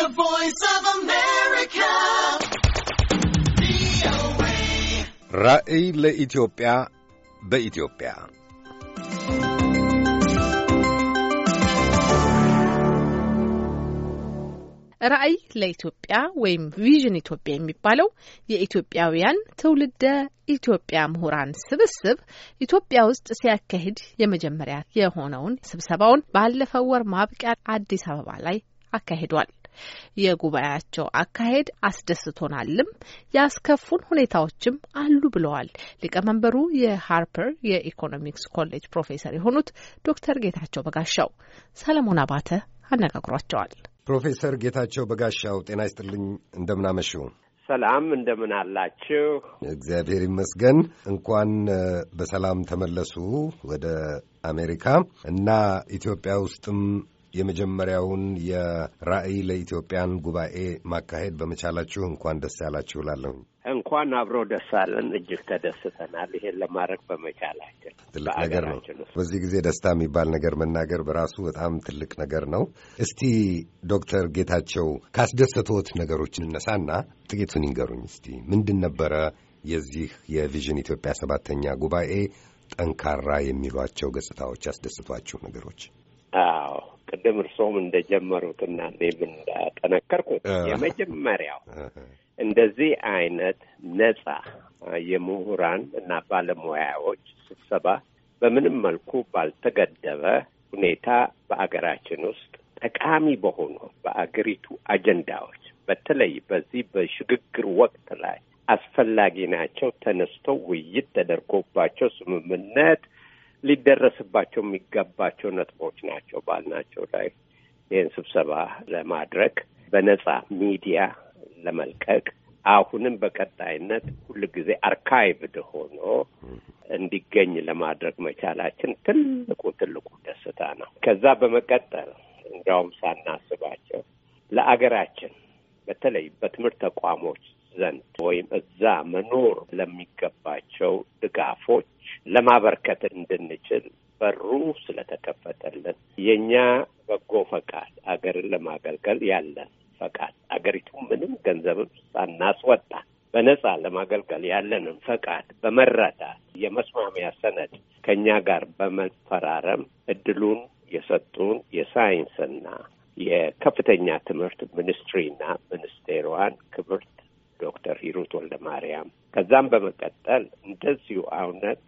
The Voice of America. ራዕይ ለኢትዮጵያ በኢትዮጵያ ራዕይ ለኢትዮጵያ ወይም ቪዥን ኢትዮጵያ የሚባለው የኢትዮጵያውያን ትውልደ ኢትዮጵያ ምሁራን ስብስብ ኢትዮጵያ ውስጥ ሲያካሂድ የመጀመሪያ የሆነውን ስብሰባውን ባለፈው ወር ማብቂያ አዲስ አበባ ላይ አካሂዷል። የጉባኤያቸው አካሄድ አስደስቶናልም ያስከፉን ሁኔታዎችም አሉ ብለዋል። ሊቀመንበሩ የሃርፐር የኢኮኖሚክስ ኮሌጅ ፕሮፌሰር የሆኑት ዶክተር ጌታቸው በጋሻው ሰለሞን አባተ አነጋግሯቸዋል። ፕሮፌሰር ጌታቸው በጋሻው ጤና ይስጥልኝ፣ እንደምናመሹ ሰላም እንደምን አላችሁ? እግዚአብሔር ይመስገን። እንኳን በሰላም ተመለሱ ወደ አሜሪካ እና ኢትዮጵያ ውስጥም የመጀመሪያውን የራዕይ ለኢትዮጵያን ጉባኤ ማካሄድ በመቻላችሁ እንኳን ደስ ያላችሁ እላለሁኝ። እንኳን አብረው ደስ አለን። እጅግ ተደስተናል፣ ይሄን ለማድረግ በመቻላችን ትልቅ ነገር ነው። በዚህ ጊዜ ደስታ የሚባል ነገር መናገር በራሱ በጣም ትልቅ ነገር ነው። እስቲ ዶክተር ጌታቸው ካስደሰቶት ነገሮች እነሳና ጥቂቱን ይንገሩኝ እስቲ ምንድን ነበረ የዚህ የቪዥን ኢትዮጵያ ሰባተኛ ጉባኤ ጠንካራ የሚሏቸው ገጽታዎች ያስደስቷችሁ ነገሮች? አዎ ቅድም እርስዎም እንደጀመሩትና እኔም እንዳጠነከርኩ የመጀመሪያው እንደዚህ አይነት ነጻ የምሁራን እና ባለሙያዎች ስብሰባ በምንም መልኩ ባልተገደበ ሁኔታ በአገራችን ውስጥ ጠቃሚ በሆኑ በአገሪቱ አጀንዳዎች በተለይ በዚህ በሽግግር ወቅት ላይ አስፈላጊ ናቸው ተነስቶ ውይይት ተደርጎባቸው ስምምነት ሊደረስባቸው የሚገባቸው ነጥቦች ናቸው ባልናቸው ላይ ይህን ስብሰባ ለማድረግ በነጻ ሚዲያ ለመልቀቅ አሁንም በቀጣይነት ሁል ጊዜ አርካይቭድ ሆኖ እንዲገኝ ለማድረግ መቻላችን ትልቁ ትልቁ ደስታ ነው። ከዛ በመቀጠል እንዲያውም ሳናስባቸው ለአገራችን በተለይ በትምህርት ተቋሞች ዘንድ ወይም እዛ መኖር ለሚገባቸው ድጋፎች ለማበርከት እንድንችል በሩ ስለተከፈተልን የእኛ በጎ ፈቃድ አገርን ለማገልገል ያለን ፈቃድ አገሪቱ ምንም ገንዘብም ሳናስወጣ በነጻ ለማገልገል ያለንን ፈቃድ በመረዳት የመስማሚያ ሰነድ ከእኛ ጋር በመፈራረም እድሉን የሰጡን የሳይንስና የከፍተኛ ትምህርት ሚኒስትሪና ሚኒስቴሯን ክብርት ዶክተር ሂሩት ወልደ ማርያም ከዛም በመቀጠል እንደዚሁ አውነት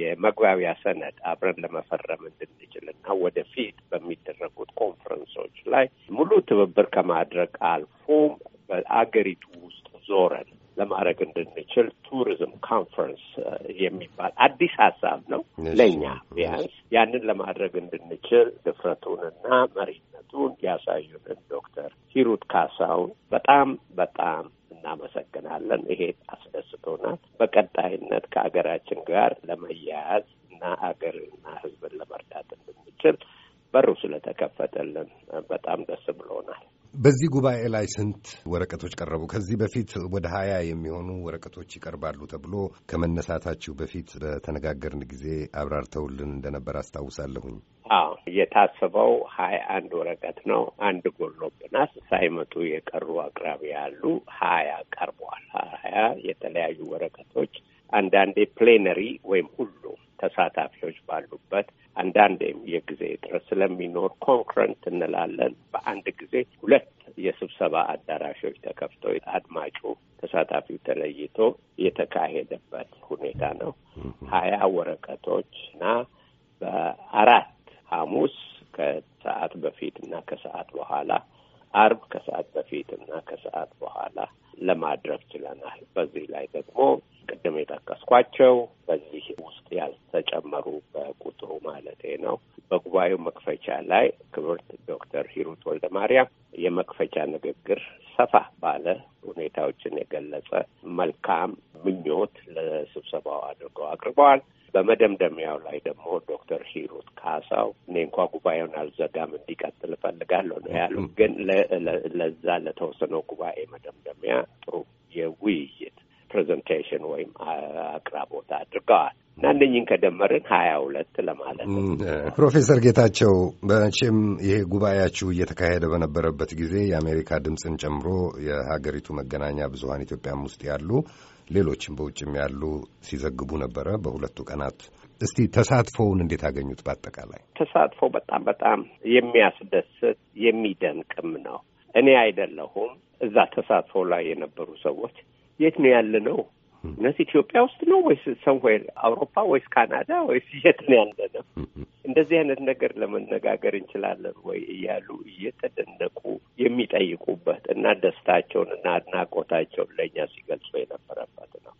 የመግባቢያ ሰነድ አብረን ለመፈረም እንድንችልና ወደፊት በሚደረጉት ኮንፈረንሶች ላይ ሙሉ ትብብር ከማድረግ አልፎም በአገሪቱ ውስጥ ዞረን ለማድረግ እንድንችል ቱሪዝም ኮንፈረንስ የሚባል አዲስ ሀሳብ ነው ለእኛ ቢያንስ ያንን ለማድረግ እንድንችል ድፍረቱንና መሪነቱን ያሳዩንን ዶክተር ሂሩት ካሳውን በጣም በጣም እናመሰግናለን። ይሄ አስደስቶናል። በቀጣይነት ከሀገራችን ጋር ለመያያዝ እና ሀገርና ሕዝብን ለመርዳት እንድንችል በሩ ስለተከፈተልን በጣም ደስ ብሎናል። በዚህ ጉባኤ ላይ ስንት ወረቀቶች ቀረቡ? ከዚህ በፊት ወደ ሀያ የሚሆኑ ወረቀቶች ይቀርባሉ ተብሎ ከመነሳታችሁ በፊት በተነጋገርን ጊዜ አብራርተውልን እንደነበር አስታውሳለሁኝ። አዎ የታሰበው ሀያ አንድ ወረቀት ነው። አንድ ጎሎብናስ ሳይመጡ የቀሩ አቅራቢ ያሉ ሀያ ቀርበዋል። ሀያ የተለያዩ ወረቀቶች አንዳንዴ ፕሌነሪ ወይም ሁሉ ተሳታፊዎች ባሉበት አንዳንዴም የጊዜ እጥረት ስለሚኖር ኮንክረንት እንላለን። በአንድ ጊዜ ሁለት የስብሰባ አዳራሾች ተከፍተው አድማጩ ተሳታፊው ተለይቶ የተካሄደበት ሁኔታ ነው። ሀያ ወረቀቶች እና በአራት ሐሙስ ከሰዓት በፊት እና ከሰዓት በኋላ አርብ ከሰዓት በፊት እና ከሰዓት በኋላ ለማድረግ ችለናል። በዚህ ላይ ደግሞ ቅድም የጠቀስኳቸው በዚህ ውስጥ ያልተጨመሩ በቁጥሩ ማለቴ ነው። በጉባኤው መክፈቻ ላይ ክብርት ዶክተር ሂሩት ወልደ ማርያም የመክፈቻ ንግግር ሰፋ ባለ ሁኔታዎችን የገለጸ መልካም ምኞት ለስብሰባው አድርገው አቅርበዋል። በመደምደሚያው ላይ ደግሞ ዶክተር ሂሩት ካሳው እኔ እንኳ ጉባኤውን አልዘጋም እንዲቀጥል እፈልጋለሁ ነው ያሉ። ግን ለዛ ለተወሰነው ጉባኤ መደምደሚያ ጥሩ የውይይት ፕሬዘንቴሽን ወይም አቅራቦት አድርገዋል እና እነኝን ከደመርን ሀያ ሁለት ለማለት ነው። ፕሮፌሰር ጌታቸው በመቼም ይሄ ጉባኤያችሁ እየተካሄደ በነበረበት ጊዜ የአሜሪካ ድምፅን ጨምሮ የሀገሪቱ መገናኛ ብዙሀን ኢትዮጵያም ውስጥ ያሉ ሌሎችም በውጭም ያሉ ሲዘግቡ ነበረ በሁለቱ ቀናት። እስቲ ተሳትፎውን እንዴት አገኙት? በአጠቃላይ ተሳትፎ በጣም በጣም የሚያስደስት የሚደንቅም ነው። እኔ አይደለሁም እዛ ተሳትፎ ላይ የነበሩ ሰዎች የት ነው ያለ ነው እነዚህ ኢትዮጵያ ውስጥ ነው ወይስ ሰምዌር አውሮፓ ወይስ ካናዳ ወይስ የት ነው ያለ ነው? እንደዚህ አይነት ነገር ለመነጋገር እንችላለን ወይ እያሉ እየተደነቁ የሚጠይቁበት እና ደስታቸውን እና አድናቆታቸውን ለእኛ ሲገልጹ የነበረበት ነው።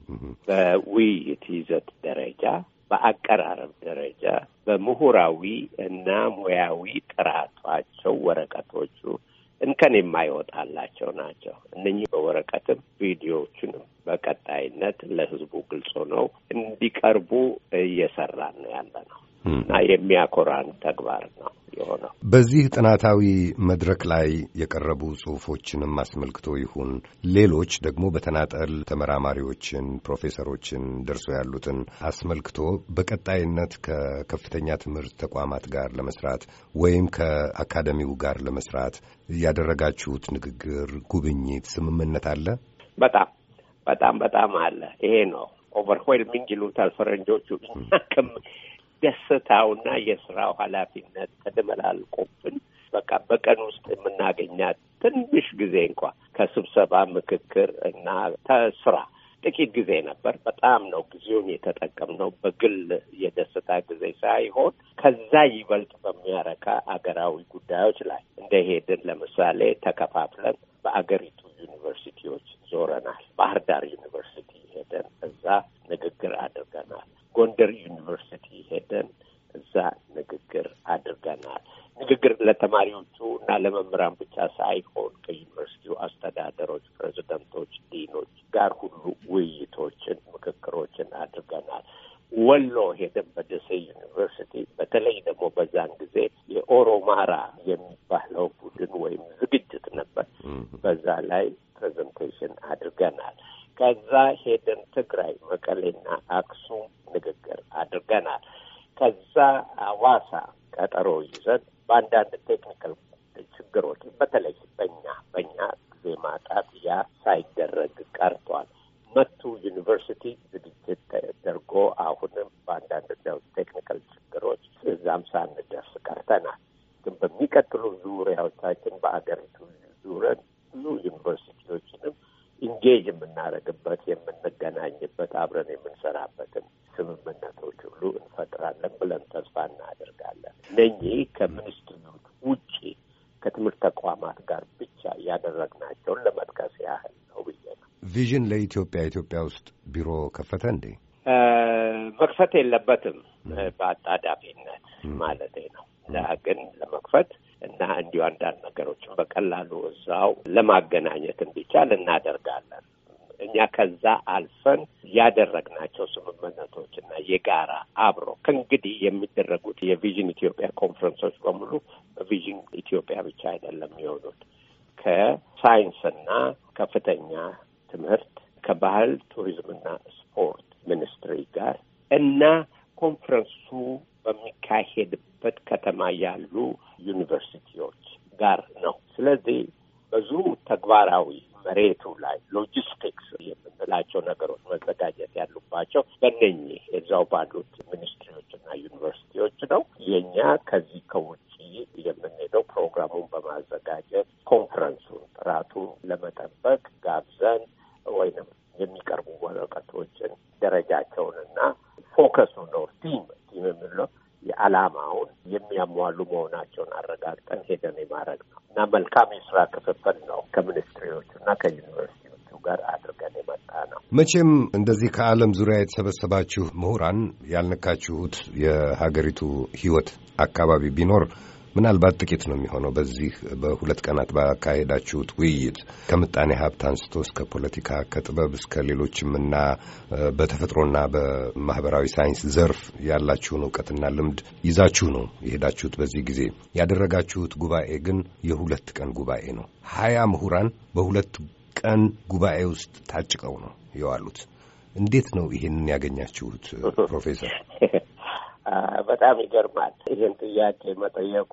በውይይት ይዘት ደረጃ፣ በአቀራረብ ደረጃ፣ በምሁራዊ እና ሙያዊ ጥራቷቸው ወረቀቶቹ እንከን የማይወጣላቸው ናቸው። እነኚህ በወረቀትም ቪዲዮዎቹንም በቀጣይነት ለህዝቡ ግልጽ ነው እንዲቀርቡ እየሰራን ነው ያለ ነው እና የሚያኮራን ተግባር ነው የሆነው። በዚህ ጥናታዊ መድረክ ላይ የቀረቡ ጽሁፎችንም አስመልክቶ ይሁን ሌሎች ደግሞ በተናጠል ተመራማሪዎችን፣ ፕሮፌሰሮችን ደርሶ ያሉትን አስመልክቶ በቀጣይነት ከከፍተኛ ትምህርት ተቋማት ጋር ለመስራት ወይም ከአካደሚው ጋር ለመስራት ያደረጋችሁት ንግግር፣ ጉብኝት፣ ስምምነት አለ? በጣም በጣም በጣም አለ። ይሄ ነው ኦቨርዌልሚንግ ይሉታል ፈረንጆቹ። ደስታውና የስራው ኃላፊነት ተደመላልቆብን በቃ በቀን ውስጥ የምናገኛት ትንሽ ጊዜ እንኳ ከስብሰባ ምክክር እና ተስራ ጥቂት ጊዜ ነበር። በጣም ነው ጊዜውን የተጠቀምነው በግል የደስታ ጊዜ ሳይሆን ከዛ ይበልጥ በሚያረካ አገራዊ ጉዳዮች ላይ እንደሄድን ለምሳሌ ተከፋፍለን በአገሪቱ ዩኒቨርሲቲዎች ዞረናል። ባህር ዳር ዩኒቨርሲቲ ሄደን እዛ ንግግር አድርገናል። ጎንደር ዩኒቨርሲቲ ሄደን እዛ ንግግር አድርገናል። ንግግር ለተማሪዎቹ እና ለመምህራን ብቻ ሳይሆን ከዩኒቨርሲቲው አስተዳደሮች፣ ፕሬዚደንቶች፣ ዲኖች ጋር ሁሉ ውይይቶችን፣ ምክክሮችን አድርገናል። ወሎ ሄደን በደሴ ዩኒቨርሲቲ በተለይ ደግሞ በዛን አሁንም በአንዳንድ ያው ቴክኒካል ችግሮች እዛም ሳንደርስ ቀርተናል። ግን በሚቀጥሉ ዙሪያዎቻችን በአገሪቱ ዙረን ብዙ ዩኒቨርሲቲዎችንም ኢንጌጅ የምናደርግበት የምንገናኝበት፣ አብረን የምንሰራበትን ስምምነቶች ሁሉ እንፈጥራለን ብለን ተስፋ እናደርጋለን። እነኚህ ከሚኒስትሮች ውጪ ከትምህርት ተቋማት ጋር ብቻ ያደረግናቸውን ለመጥቀስ ያህል ነው ብዬ ነው። ቪዥን ለኢትዮጵያ ኢትዮጵያ ውስጥ ቢሮ ከፈተ እንዴ? መክፈት የለበትም በአጣዳፊነት ማለት ነው። ግን ለመክፈት እና እንዲሁ አንዳንድ ነገሮችን በቀላሉ እዛው ለማገናኘት እንዲቻል እናደርጋለን። እኛ ከዛ አልፈን ያደረግናቸው ስምምነቶች እና የጋራ አብሮ ከእንግዲህ የሚደረጉት የቪዥን ኢትዮጵያ ኮንፈረንሶች በሙሉ ቪዥን ኢትዮጵያ ብቻ አይደለም የሚሆኑት ከሳይንስና ከፍተኛ ትምህርት ከባህል ቱሪዝምና እና ኮንፈረንሱ በሚካሄድበት ከተማ ያሉ ዩኒቨርሲቲዎች ጋር ነው። ስለዚህ ብዙ ተግባራዊ መሬቱ የምንለው የዓላማውን የሚያሟሉ መሆናቸውን አረጋግጠን ሄደን የማድረግ ነው እና መልካም የስራ ክፍፍል ነው ከሚኒስትሪዎቹ እና ከዩኒቨርሲቲዎቹ ጋር አድርገን የመጣ ነው። መቼም እንደዚህ ከዓለም ዙሪያ የተሰበሰባችሁ ምሁራን ያልነካችሁት የሀገሪቱ ሕይወት አካባቢ ቢኖር ምናልባት ጥቂት ነው የሚሆነው። በዚህ በሁለት ቀናት ባካሄዳችሁት ውይይት ከምጣኔ ሀብት አንስቶ እስከ ፖለቲካ፣ ከጥበብ እስከ እና በተፈጥሮና በማህበራዊ ሳይንስ ዘርፍ ያላችሁን እውቀትና ልምድ ይዛችሁ ነው የሄዳችሁት። በዚህ ጊዜ ያደረጋችሁት ጉባኤ ግን የሁለት ቀን ጉባኤ ነው። ሀያ ምሁራን በሁለት ቀን ጉባኤ ውስጥ ታጭቀው ነው የዋሉት። እንዴት ነው ይሄንን ያገኛችሁት ፕሮፌሰር? በጣም ይገርማል። ይህን ጥያቄ መጠየቆ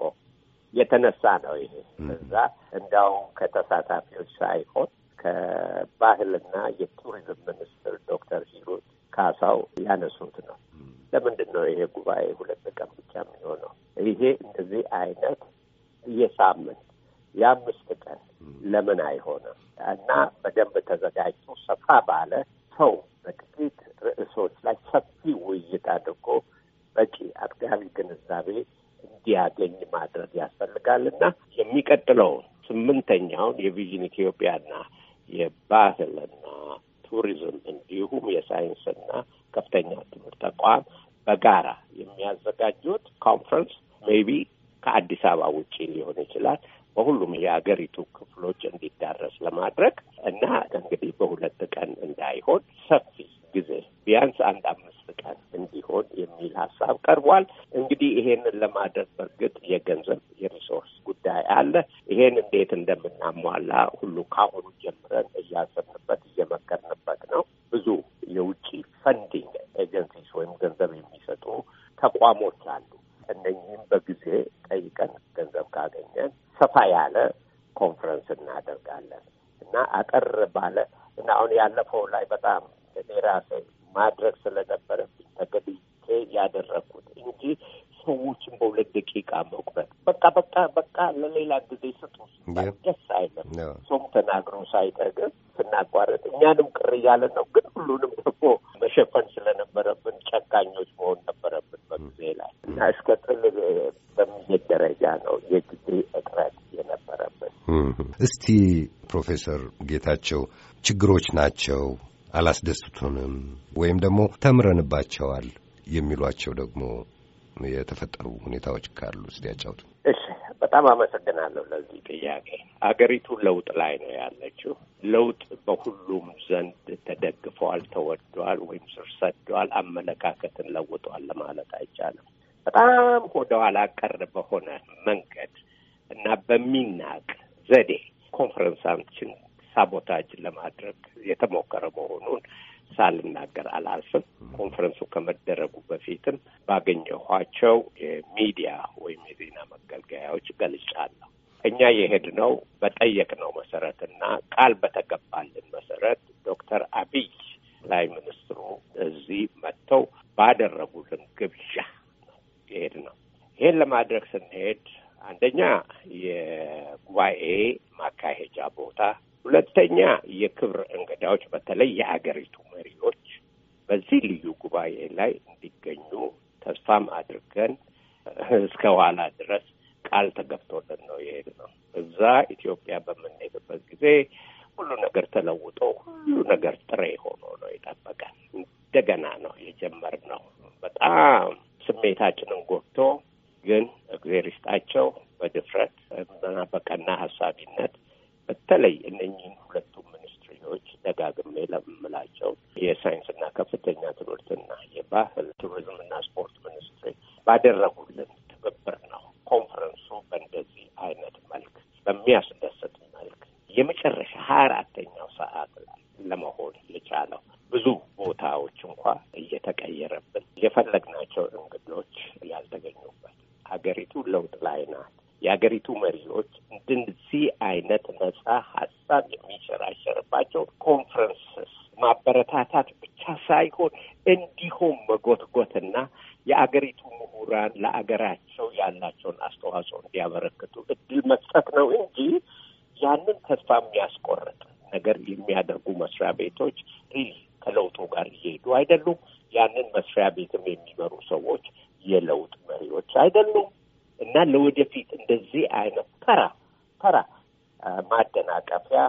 የተነሳ ነው ይሄ እዛ እንዲያው ከተሳታፊዎች ሳይሆን ከባህልና የቱሪዝም ሚኒስትር ዶክተር ሂሩት ካሳው ያነሱት ነው። ለምንድን ነው ይሄ ጉባኤ ሁለት ቀን ብቻ የሚሆነው? ይሄ እንደዚህ አይነት የሳምንት የአምስት ቀን ለምን አይሆንም? እና በደንብ ተዘጋጅቶ ሰፋ ባለ ሰው በጥቂት ርዕሶች ላይ ሰፊ ውይይት አድርጎ በቂ ክርስቲያን ግንዛቤ እንዲያገኝ ማድረግ ያስፈልጋል እና የሚቀጥለው ስምንተኛውን የቪዥን ኢትዮጵያና የባህልና ቱሪዝም እንዲሁም የሳይንስና ከፍተኛ ትምህርት ተቋም በጋራ የሚያዘጋጁት ኮንፈረንስ ሜቢ ከአዲስ አበባ ውጪ ሊሆን ይችላል በሁሉም የሀገሪቱ ክፍሎች እንዲዳረስ ለማድረግ እና እንግዲህ በሁለት ቀን እንዳይሆን ሰፊ ጊዜ ቢያንስ አንድ ቢሆን የሚል ሀሳብ ቀርቧል። እንግዲህ ይሄንን ለማድረግ በእርግጥ የገንዘብ የሪሶርስ ጉዳይ አለ። ይሄን እንዴት እንደምናሟላ ሁሉ ከአሁኑ ጀምረን እያሰብንበት እየመከርንበት ነው። ብዙ የውጭ ፈንዲንግ ኤጀንሲስ ወይም ገንዘብ የሚሰጡ ተቋሞች አሉ። እነኚህም በጊዜ ጠይቀን ገንዘብ ካገኘን ሰፋ ያለ ኮንፈረንስ እናደርጋለን እና አጠር ባለ እና አሁን ያለፈው ላይ ሁለት ደቂቃ መቁረጥ በቃ በቃ በቃ ለሌላ ጊዜ ስጡ ሲባል ደስ አይለም። ሰውም ተናግሮ ሳይጠግብ ስናቋረጥ እኛንም ቅር እያለ ነው፣ ግን ሁሉንም ደግሞ መሸፈን ስለነበረብን ጨካኞች መሆን ነበረብን በጊዜ ላይ እና እስከ ጥል በሚሄድ ደረጃ ነው የጊዜ እጥረት የነበረብን። እስቲ ፕሮፌሰር ጌታቸው ችግሮች ናቸው አላስደስቱንም ወይም ደግሞ ተምረንባቸዋል የሚሏቸው ደግሞ የተፈጠሩ ሁኔታዎች ካሉ ስ ያጫውቱ። እሺ፣ በጣም አመሰግናለሁ ለዚህ ጥያቄ። አገሪቱ ለውጥ ላይ ነው ያለችው። ለውጥ በሁሉም ዘንድ ተደግፈዋል፣ ተወደዋል፣ ወይም ስር ሰደዋል፣ አመለካከትን ለውጠዋል ለማለት አይቻልም። በጣም ወደኋላ ቀር በሆነ መንገድ እና በሚናቅ ዘዴ ኮንፈረንሳችን ሳቦታጅ ለማድረግ የተሞከረ መሆኑን ሳልናገር አላልፍም። ኮንፈረንሱ ከመደረጉ በፊትም ባገኘኋቸው የሚዲያ ወይም የዜና መገልገያዎች ገልጫለሁ። እኛ የሄድነው በጠየቅነው መሰረት እና ቃል በተገባልን መሰረት ዶክተር አብይ ላይ ሚኒስትሩ እዚህ መጥተው ባደረጉልን ግብዣ ነው የሄድነው። ይሄን ለማድረግ ስንሄድ አንደኛ የጉባኤ ማካሄጃ ቦታ ሁለተኛ የክብር እንግዳዎች በተለይ የአገሪቱ መሪዎች በዚህ ልዩ ጉባኤ ላይ እንዲገኙ ተስፋም አድርገን እስከ ኋላ ድረስ ቃል ተገብቶልን ነው የሄድ ነው። እዛ ኢትዮጵያ በምንሄድበት ጊዜ ሁሉ ነገር ተለውጦ ሁሉ ነገር ጥሬ ሆኖ ነው የጠበቀን። እንደገና ነው የጀመርነው። በጣም ስሜታችንን ጎብቶ ግን እግዜር ይስጣቸው በድፍረት እና በቀና ሀሳቢነት በተለይ እነኚህን ሁለቱ ሚኒስትሪዎች ደጋግሜ ለምላቸው የሳይንስና ከፍተኛ ትምህርትና የባህል ቱሪዝምና ስፖርት ሚኒስትሪ ባደረጉልን ትብብር ነው ኮንፈረንሱ በእንደዚህ አይነት መልክ በሚያስደስት መልክ የመጨረሻ ሀያ አራተኛው ሰዓት ላይ ለመሆን የቻለው ብዙ ቦታዎች እንኳ እየተቀየረብን የፈለግናቸው እንግዶች ያልተገኙበት ሀገሪቱ ለውጥ ላይ ናት። የሀገሪቱ መሪዎች እንደዚህ አይነት ነጻ ሀሳብ የሚሸራሸርባቸው ኮንፈረንስስ ማበረታታት ብቻ ሳይሆን እንዲሁም መጎትጎትና የአገሪቱ ምሁራን ለአገራቸው ያላቸውን አስተዋጽኦ እንዲያበረክቱ እድል መስጠት ነው እንጂ ያንን ተስፋ የሚያስቆርጥ ነገር የሚያደርጉ መስሪያ ቤቶች ሪሊ ከለውጡ ጋር እየሄዱ አይደሉም። ያንን መስሪያ ቤትም የሚመሩ ሰዎች የለውጥ መሪዎች አይደሉም። እና ለወደፊት እንደዚህ አይነት ተራ ተራ ማደናቀፊያ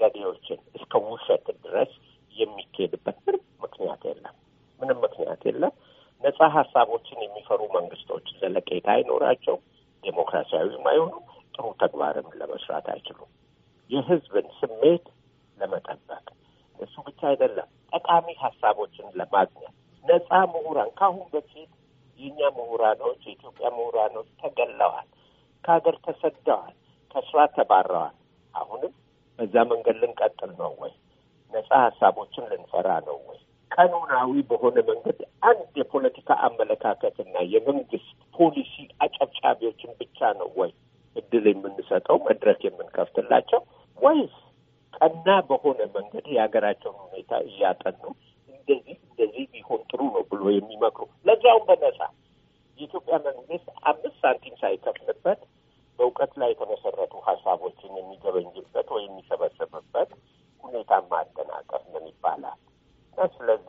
ዘዴዎችን እስከ ውሸት ድረስ የሚካሄድበት ምንም ምክንያት የለም። ምንም ምክንያት የለም። ነጻ ሀሳቦችን የሚፈሩ መንግስቶች ዘለቄታ አይኖራቸው፣ ዴሞክራሲያዊም አይሆኑም፣ ጥሩ ተግባርም ለመስራት አይችሉም። የህዝብን ስሜት ለመጠበቅ እሱ ብቻ አይደለም፣ ጠቃሚ ሀሳቦችን ለማግኘት ነጻ ምሁራን ከአሁን በፊት የእኛ ምሁራኖች የኢትዮጵያ ምሁራኖች ተገለዋል፣ ከሀገር ተሰደዋል፣ ከስራ ተባረዋል። አሁንም በዛ መንገድ ልንቀጥል ነው ወይ? ነጻ ሀሳቦችን ልንፈራ ነው ወይ? ቀኖናዊ በሆነ መንገድ አንድ የፖለቲካ አመለካከትና የመንግስት ፖሊሲ አጨብጫቢዎችን ብቻ ነው ወይ እድል የምንሰጠው መድረክ የምንከፍትላቸው ወይስ ቀና በሆነ መንገድ የሀገራቸውን ሁኔታ እያጠኑ እንደዚህ እንደዚህ ቢሆን ጥሩ ነው ብሎ የሚመክሩ ለዚያውም በነጻ የኢትዮጵያ መንግስት አምስት ሳንቲም ሳይከፍልበት በእውቀት ላይ የተመሰረቱ ሀሳቦችን የሚገበኝበት ወይም የሚሰበሰብበት ሁኔታ ማጠናቀፍ ነው ይባላል እና ስለዚህ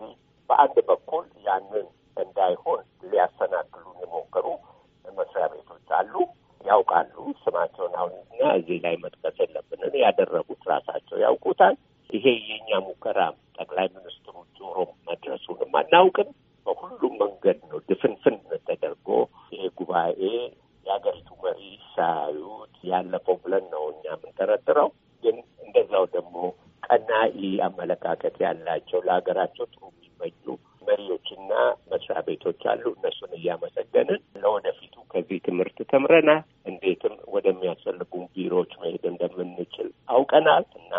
እንደምንችል አውቀናል እና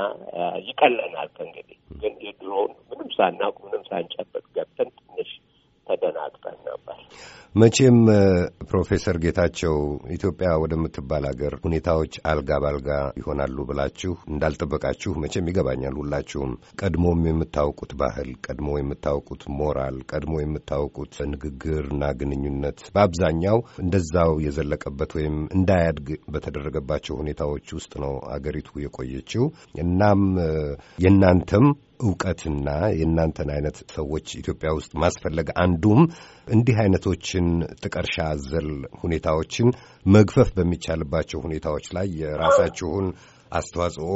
ይቀለናል። ከእንግዲህ ግን የድሮውን ምንም ሳናውቅ ምንም ሳንጨበጥ ገብተን መቼም ፕሮፌሰር ጌታቸው ኢትዮጵያ ወደምትባል አገር ሁኔታዎች አልጋ ባልጋ ይሆናሉ ብላችሁ እንዳልጠበቃችሁ መቼም ይገባኛል። ሁላችሁም ቀድሞም የምታውቁት ባህል፣ ቀድሞ የምታውቁት ሞራል፣ ቀድሞ የምታውቁት ንግግርና ግንኙነት በአብዛኛው እንደዛው የዘለቀበት ወይም እንዳያድግ በተደረገባቸው ሁኔታዎች ውስጥ ነው አገሪቱ የቆየችው። እናም የእናንተም እውቀትና የእናንተን አይነት ሰዎች ኢትዮጵያ ውስጥ ማስፈለግ አንዱም እንዲህ አይነቶችን ጥቀርሻ አዘል ሁኔታዎችን መግፈፍ በሚቻልባቸው ሁኔታዎች ላይ የራሳችሁን አስተዋጽኦ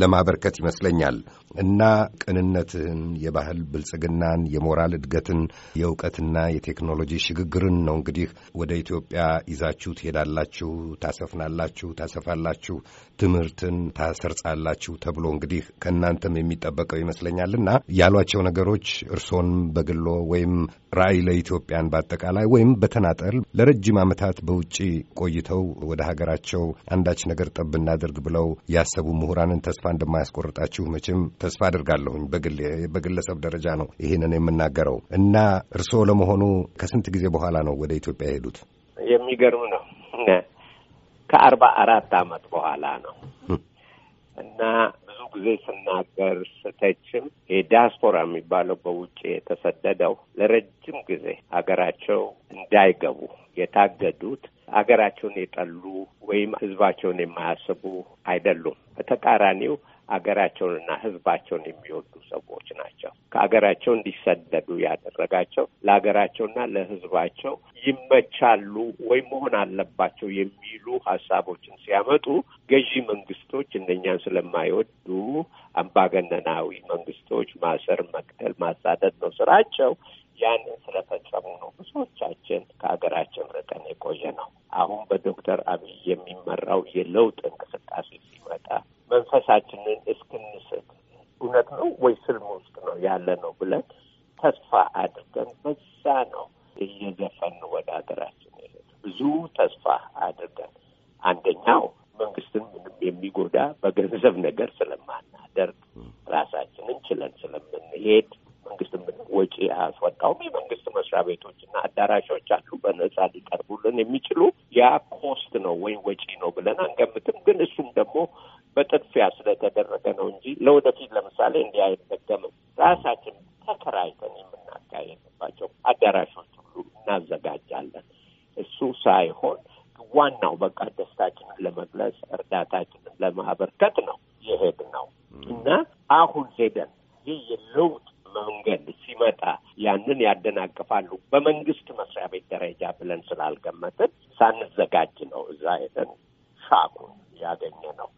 ለማበርከት ይመስለኛል እና ቅንነትህን፣ የባህል ብልጽግናን፣ የሞራል እድገትን፣ የእውቀትና የቴክኖሎጂ ሽግግርን ነው እንግዲህ ወደ ኢትዮጵያ ይዛችሁ ትሄዳላችሁ፣ ታሰፍናላችሁ፣ ታሰፋላችሁ፣ ትምህርትን ታሰርጻላችሁ ተብሎ እንግዲህ ከእናንተም የሚጠበቀው ይመስለኛልና ያሏቸው ነገሮች እርሶን በግሎ ወይም ራዕይ ለኢትዮጵያን በአጠቃላይ ወይም በተናጠል ለረጅም ዓመታት በውጭ ቆይተው ወደ ሀገራቸው አንዳች ነገር ጠብ እናድርግ ብለው ያሰቡ ምሁራንን ተስፋ እንደማያስቆርጣችሁ መቼም ተስፋ አድርጋለሁኝ። በግለሰብ ደረጃ ነው ይህንን የምናገረው እና እርስዎ ለመሆኑ ከስንት ጊዜ በኋላ ነው ወደ ኢትዮጵያ የሄዱት? የሚገርም ነው። ከአርባ አራት አመት በኋላ ነው እና ብዙ ጊዜ ስናገር ስተችም የዲያስፖራ የሚባለው በውጭ የተሰደደው ለረጅም ጊዜ ሀገራቸው እንዳይገቡ የታገዱት አገራቸውን የጠሉ ወይም ህዝባቸውን የማያስቡ አይደሉም። በተቃራኒው አገራቸውንና ህዝባቸውን የሚወዱ ሰዎች ናቸው። ከአገራቸው እንዲሰደዱ ያደረጋቸው ለሀገራቸውና ለህዝባቸው ይመቻሉ ወይም መሆን አለባቸው የሚሉ ሀሳቦችን ሲያመጡ ገዢ መንግስቶች እነኛን ስለማይወዱ አምባገነናዊ መንግስቶች ማሰር፣ መቅደል፣ ማሳደድ ነው ስራቸው። ያንን ስለፈጸሙ ነው ብዙዎቻችን ከሀገራችን ርቀን የቆየ ነው። አሁን በዶክተር አብይ የሚመራው የለውጥ እንቅስቃሴ ሲመጣ መንፈሳችንን እስክንስት እውነት ነው ወይ ስልም ውስጥ ነው ያለ ነው ብለን ተስፋ አድርገን በዛ ነው እየዘፈን ወደ ሀገራችን ብዙ ተስፋ አድርገን አንደኛው መንግስትን ምንም የሚጎዳ በገንዘብ ነገር ስለማናደርግ ራሳችንን ችለን ስለምንሄድ መንግስት ወጪ አያስወጣውም። የመንግስት መስሪያ ቤቶች እና አዳራሾች አሉ በነጻ ሊቀርቡልን የሚችሉ ያ ኮስት ነው ወይም ወጪ ነው ብለን አንገምትም። ግን እሱም ደግሞ በጥድፊያ ስለተደረገ ነው እንጂ ለወደፊት ለምሳሌ እንዲህ አይደገምም። ራሳችን ተከራይተን የምናካሄድባቸው አዳራሾች ሁሉ እናዘጋጃለን። እሱ ሳይሆን ዋናው በቃ ደስታችንን ለመግለጽ እርዳታችንን ለማበርከት ነው የሄድነው እና አሁን ሄደን ይህ የለውጥ መንገድ ሲመጣ ያንን ያደናቅፋሉ። በመንግስት መስሪያ ቤት ደረጃ ብለን ስላልገመትን ሳንዘጋጅ ነው እዛ ሄደን ሻኩን ያገኘ ነው።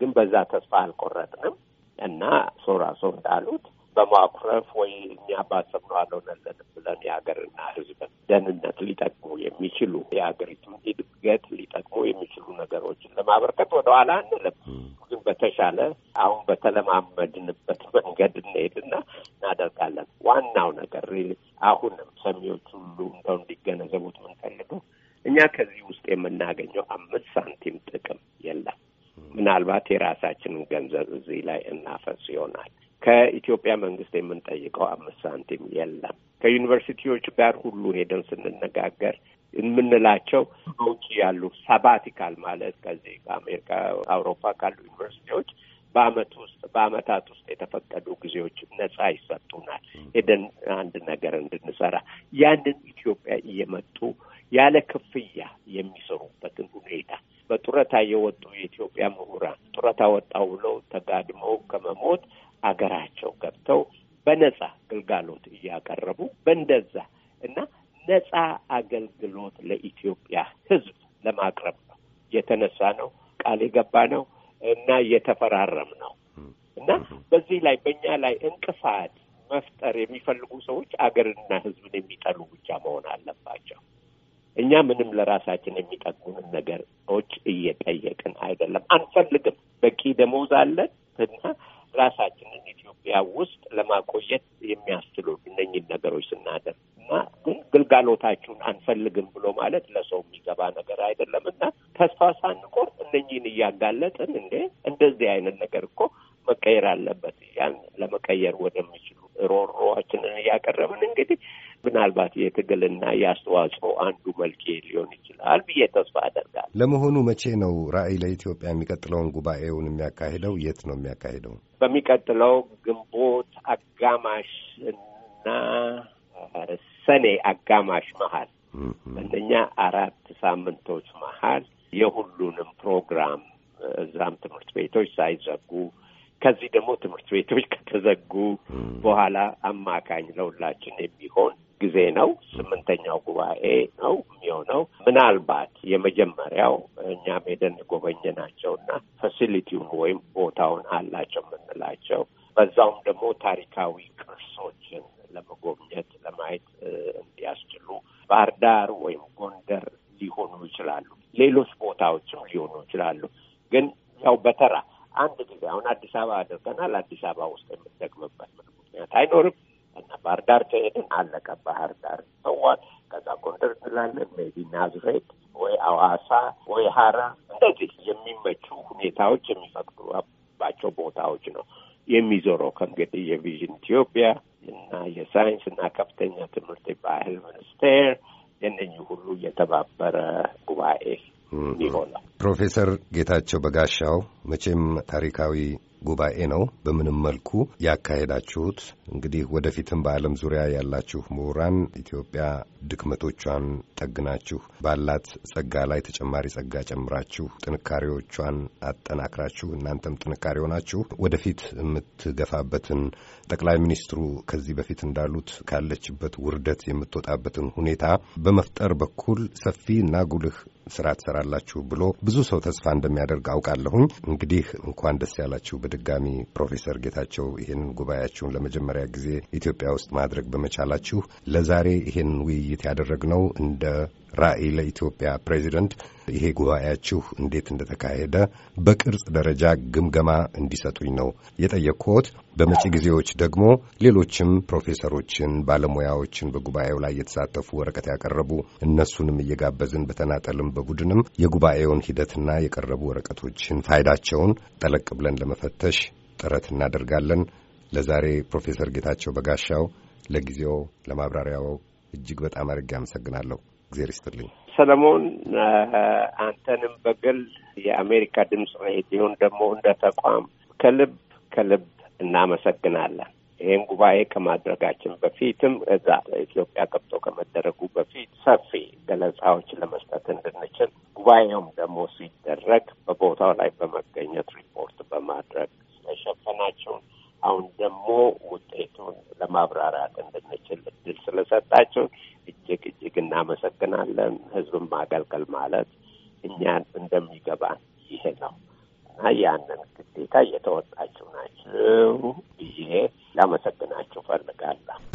ግን በዛ ተስፋ አልቆረጥንም እና ሶራሶ እንዳሉት በማኩረፍ ወይ እኛ ባሰብነው አልሆነልንም ብለን የሀገርና ሕዝብን ደህንነት ሊጠቅሙ የሚችሉ የሀገሪቱን እድገት ሊጠቅሙ የሚችሉ ነገሮችን ለማበርከት ወደኋላ አንልም። ግን በተሻለ አሁን በተለማመድንበት መንገድ እንሄድና እናደርጋለን። ዋናው ነገር አሁንም ሰሚዎች ሁሉ እንደው እንዲገነዘቡት የምንፈልገው እኛ ከዚህ ውስጥ የምናገኘው አምስት ሳንቲም ጥቅም የለም። ምናልባት የራሳችንን ገንዘብ እዚህ ላይ እናፈስ ይሆናል ከኢትዮጵያ መንግስት የምንጠይቀው አምስት ሳንቲም የለም። ከዩኒቨርሲቲዎች ጋር ሁሉ ሄደን ስንነጋገር የምንላቸው በውጭ ያሉ ሰባቲካል ማለት ከዚህ ከአሜሪካ፣ አውሮፓ ካሉ ዩኒቨርሲቲዎች በአመት ውስጥ በአመታት ውስጥ የተፈቀዱ ጊዜዎች ነጻ ይሰጡናል ሄደን አንድ ነገር እንድንሰራ ያንን ኢትዮጵያ እየመጡ ያለ ክፍያ የሚሰሩበትን ሁኔታ በጡረታ የወጡ የኢትዮጵያ ምሁራን ጡረታ ወጣው ብለው ተጋድመው ከመሞት አገራቸው ገብተው በነጻ ግልጋሎት እያቀረቡ በእንደዛ እና ነጻ አገልግሎት ለኢትዮጵያ ሕዝብ ለማቅረብ ነው የተነሳ ነው ቃል የገባ ነው እና የተፈራረም ነው እና በዚህ ላይ በእኛ ላይ እንቅፋት መፍጠር የሚፈልጉ ሰዎች አገርና ሕዝብን የሚጠሉ ብቻ መሆን አለባቸው። እኛ ምንም ለራሳችን የሚጠቅሙን ነገሮች እየጠየቅን አይደለም፣ አንፈልግም። በቂ ደሞዝ አለን እና ራሳችንን ኢትዮጵያ ውስጥ ለማቆየት የሚያስችሉ እነኝን ነገሮች ስናደርግ እና ግን ግልጋሎታችሁን አንፈልግም ብሎ ማለት ለሰው የሚገባ ነገር አይደለም እና ተስፋ ሳንቆርጥ እነኝን እያጋለጥን እንዴ እንደዚህ አይነት ነገር እኮ መቀየር አለበት። ያን ለመቀየር ወደሚችሉ ሮሮችንን እያቀረብን እንግዲህ ምናልባት የትግልና የአስተዋጽኦ አንዱ መልክ ሊሆን ይችላል ብዬ ተስፋ አደርጋለሁ። ለመሆኑ መቼ ነው ራዕይ ለኢትዮጵያ የሚቀጥለውን ጉባኤውን የሚያካሂደው? የት ነው የሚያካሂደው? በሚቀጥለው ግንቦት አጋማሽ እና ሰኔ አጋማሽ መሀል እነኛ አራት ሳምንቶች መሀል የሁሉንም ፕሮግራም እዛም ትምህርት ቤቶች ሳይዘጉ ከዚህ ደግሞ ትምህርት ቤቶች ከተዘጉ በኋላ አማካኝ ለሁላችን የሚሆን ጊዜ ነው። ስምንተኛው ጉባኤ ነው የሚሆነው። ምናልባት የመጀመሪያው እኛም ሄደን የጎበኘናቸውና ፋሲሊቲውን ወይም ቦታውን አላቸው የምንላቸው በዛውም ደግሞ ታሪካዊ ቅርሶችን ለመጎብኘት ለማየት እንዲያስችሉ ባህር ዳር ወይም ጎንደር ሊሆኑ ይችላሉ። ሌሎች ቦታዎችም ሊሆኑ ይችላሉ። ግን ያው በተራ አንድ ጊዜ አሁን አዲስ አበባ አድርገናል። አዲስ አበባ ውስጥ የምንደግምበት ምን ምክንያት አይኖርም እና ባህር ዳር ከሄድን አለቀ። ባህር ዳር ሰዋል። ከዛ ጎንደር ትላለን፣ ሜቢ ናዝሬት ወይ አዋሳ ወይ ሀራ፣ እንደዚህ የሚመቹ ሁኔታዎች የሚፈቅዱባቸው ቦታዎች ነው የሚዞረው ከእንግዲህ የቪዥን ኢትዮጵያ እና የሳይንስ እና ከፍተኛ ትምህርት ባህል ሚኒስቴር የነኚህ ሁሉ የተባበረ ጉባኤ ይሆናል። ፕሮፌሰር ጌታቸው በጋሻው መቼም ታሪካዊ ጉባኤ ነው። በምንም መልኩ ያካሄዳችሁት እንግዲህ ወደፊትም በዓለም ዙሪያ ያላችሁ ምሁራን ኢትዮጵያ ድክመቶቿን ጠግናችሁ ባላት ጸጋ ላይ ተጨማሪ ጸጋ ጨምራችሁ ጥንካሬዎቿን አጠናክራችሁ እናንተም ጥንካሬ ሆናችሁ ወደፊት የምትገፋበትን ጠቅላይ ሚኒስትሩ ከዚህ በፊት እንዳሉት ካለችበት ውርደት የምትወጣበትን ሁኔታ በመፍጠር በኩል ሰፊ እና ጉልህ ስራ ትሰራላችሁ ብሎ ብዙ ሰው ተስፋ እንደሚያደርግ አውቃለሁኝ። እንግዲህ እንኳን ደስ ያላችሁ በድጋሚ ፕሮፌሰር ጌታቸው ይህንን ጉባኤያችሁን ለመጀመሪያ ለመጀመሪያ ጊዜ ኢትዮጵያ ውስጥ ማድረግ በመቻላችሁ ለዛሬ ይሄን ውይይት ያደረግነው እንደ ራዕይ ለኢትዮጵያ ፕሬዚደንት ይሄ ጉባኤያችሁ እንዴት እንደተካሄደ በቅርጽ ደረጃ ግምገማ እንዲሰጡኝ ነው የጠየቅኩት። በመጪ ጊዜዎች ደግሞ ሌሎችም ፕሮፌሰሮችን፣ ባለሙያዎችን በጉባኤው ላይ የተሳተፉ ወረቀት ያቀረቡ እነሱንም እየጋበዝን በተናጠልም በቡድንም የጉባኤውን ሂደትና የቀረቡ ወረቀቶችን ፋይዳቸውን ጠለቅ ብለን ለመፈተሽ ጥረት እናደርጋለን። ለዛሬ ፕሮፌሰር ጌታቸው በጋሻው ለጊዜው ለማብራሪያው እጅግ በጣም አድርጌ አመሰግናለሁ። እግዜር ይስጥልኝ። ሰለሞን፣ አንተንም በግል የአሜሪካ ድምፅ ሬዲዮን ደግሞ እንደ ተቋም ከልብ ከልብ እናመሰግናለን። ይህን ጉባኤ ከማድረጋችን በፊትም እዛ ኢትዮጵያ ገብቶ ከመደረጉ በፊት ሰፊ ገለጻዎች ለመስጠት እንድንችል ጉባኤውም ደግሞ ሲደረግ በቦታው ላይ በመገኘት ሪፖርት በማድረግ ስለሸፈናቸውን አሁን ደግሞ ውጤቱን ለማብራራት እንድንችል እድል ስለሰጣቸው እጅግ እጅግ እናመሰግናለን። ህዝብን ማገልገል ማለት እኛን እንደሚገባን ይሄ ነው እና ያንን ግዴታ እየተወጣችሁ ናችሁ ብዬ ላመሰግናችሁ ፈልጋለሁ።